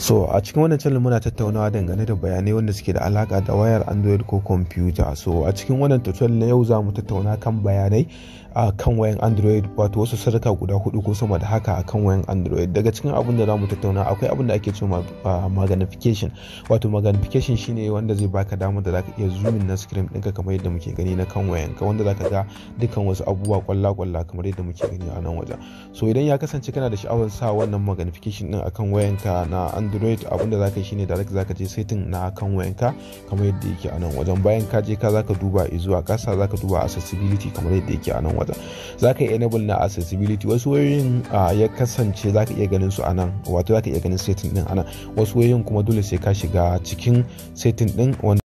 so a cikin wannan channel muna tattaunawa dangane da bayanai wanda suke da alaka da wayar android ko computer so a cikin wannan tutorial na yau za mu tattauna kan bayanai a kan wayan android wato wasu sarka guda hudu ko sama da haka a kan wayan android daga cikin abin da za mu tattauna akwai abin da ake cewa magnification wato magnification shine wanda zai baka damar da zaka iya zoomin na screen ɗinka kamar yadda muke gani na kan wayan ka wanda zaka ga dukkan wasu abubuwa kwalla kwalla kamar yadda muke gani a nan wajen so idan ya kasance kana da sha'awar sa wannan magnification din akan wayan ka na android android abinda za ka yi shine direct za ka je setting na kan wayanka kamar yadda yake a nan wajen bayan ka je ka za ka duba zuwa kasa za ka duba accessibility kamar yadda yake a nan wajen za ka enable na accessibility wasu wayoyin ya kasance za ka iya ganin su a nan wato za ka iya ganin setting din a nan wasu wayoyin kuma dole sai ka shiga cikin setting din